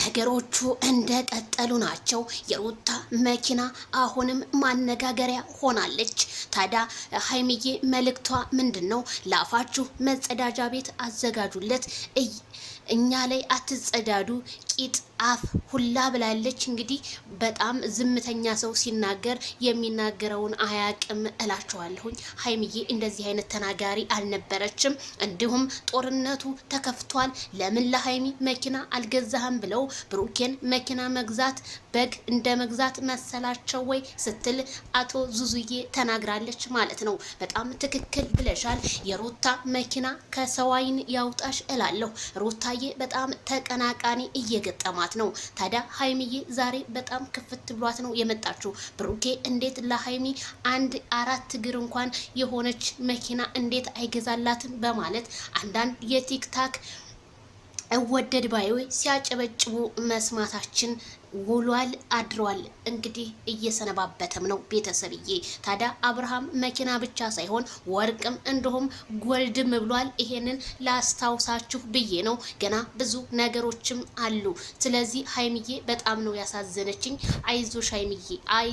ነገሮቹ እንደቀጠሉ ናቸው። የሩታ መኪና አሁንም ማነጋገሪያ ሆናለች። ታዲያ ሀይሚዬ መልእክቷ ምንድን ነው? ለአፋችሁ መጸዳጃ ቤት አዘጋጁለት እኛ ላይ አትጸዳዱ ቂጥ አፍ ሁላ ብላለች። እንግዲህ በጣም ዝምተኛ ሰው ሲናገር የሚናገረውን አያቅም እላችኋለሁኝ። ሀይምዬ እንደዚህ አይነት ተናጋሪ አልነበረችም። እንዲሁም ጦርነቱ ተከፍቷል። ለምን ለሀይሚ መኪና አልገዛህም ብለው ብሩኬን መኪና መግዛት በግ እንደ መግዛት መሰላቸው ወይ ስትል አቶ ዙዙዬ ተናግራለች ማለት ነው። በጣም ትክክል ብለሻል። የሩታ መኪና ከሰው ዓይን ያውጣሽ እላለሁ ሩታ ሩታዬ በጣም ተቀናቃኒ እየገጠማት ነው። ታዲያ ሀይሚዬ ዛሬ በጣም ክፍት ብሏት ነው የመጣችው። ብሩኬ እንዴት ለሀይሚ አንድ አራት እግር እንኳን የሆነች መኪና እንዴት አይገዛላትም በማለት አንዳንድ የቲክታክ እወደድ ባዮች ሲያጨበጭቡ መስማታችን ውሏል አድሯል። እንግዲህ እየሰነባበተም ነው ቤተሰብዬ። ታዲያ አብርሃም መኪና ብቻ ሳይሆን ወርቅም እንዲሁም ጎልድም ብሏል። ይሄንን ላስታውሳችሁ ብዬ ነው። ገና ብዙ ነገሮችም አሉ። ስለዚህ ሀይምዬ በጣም ነው ያሳዘነችኝ። አይዞሽ ሀይምዬ አይ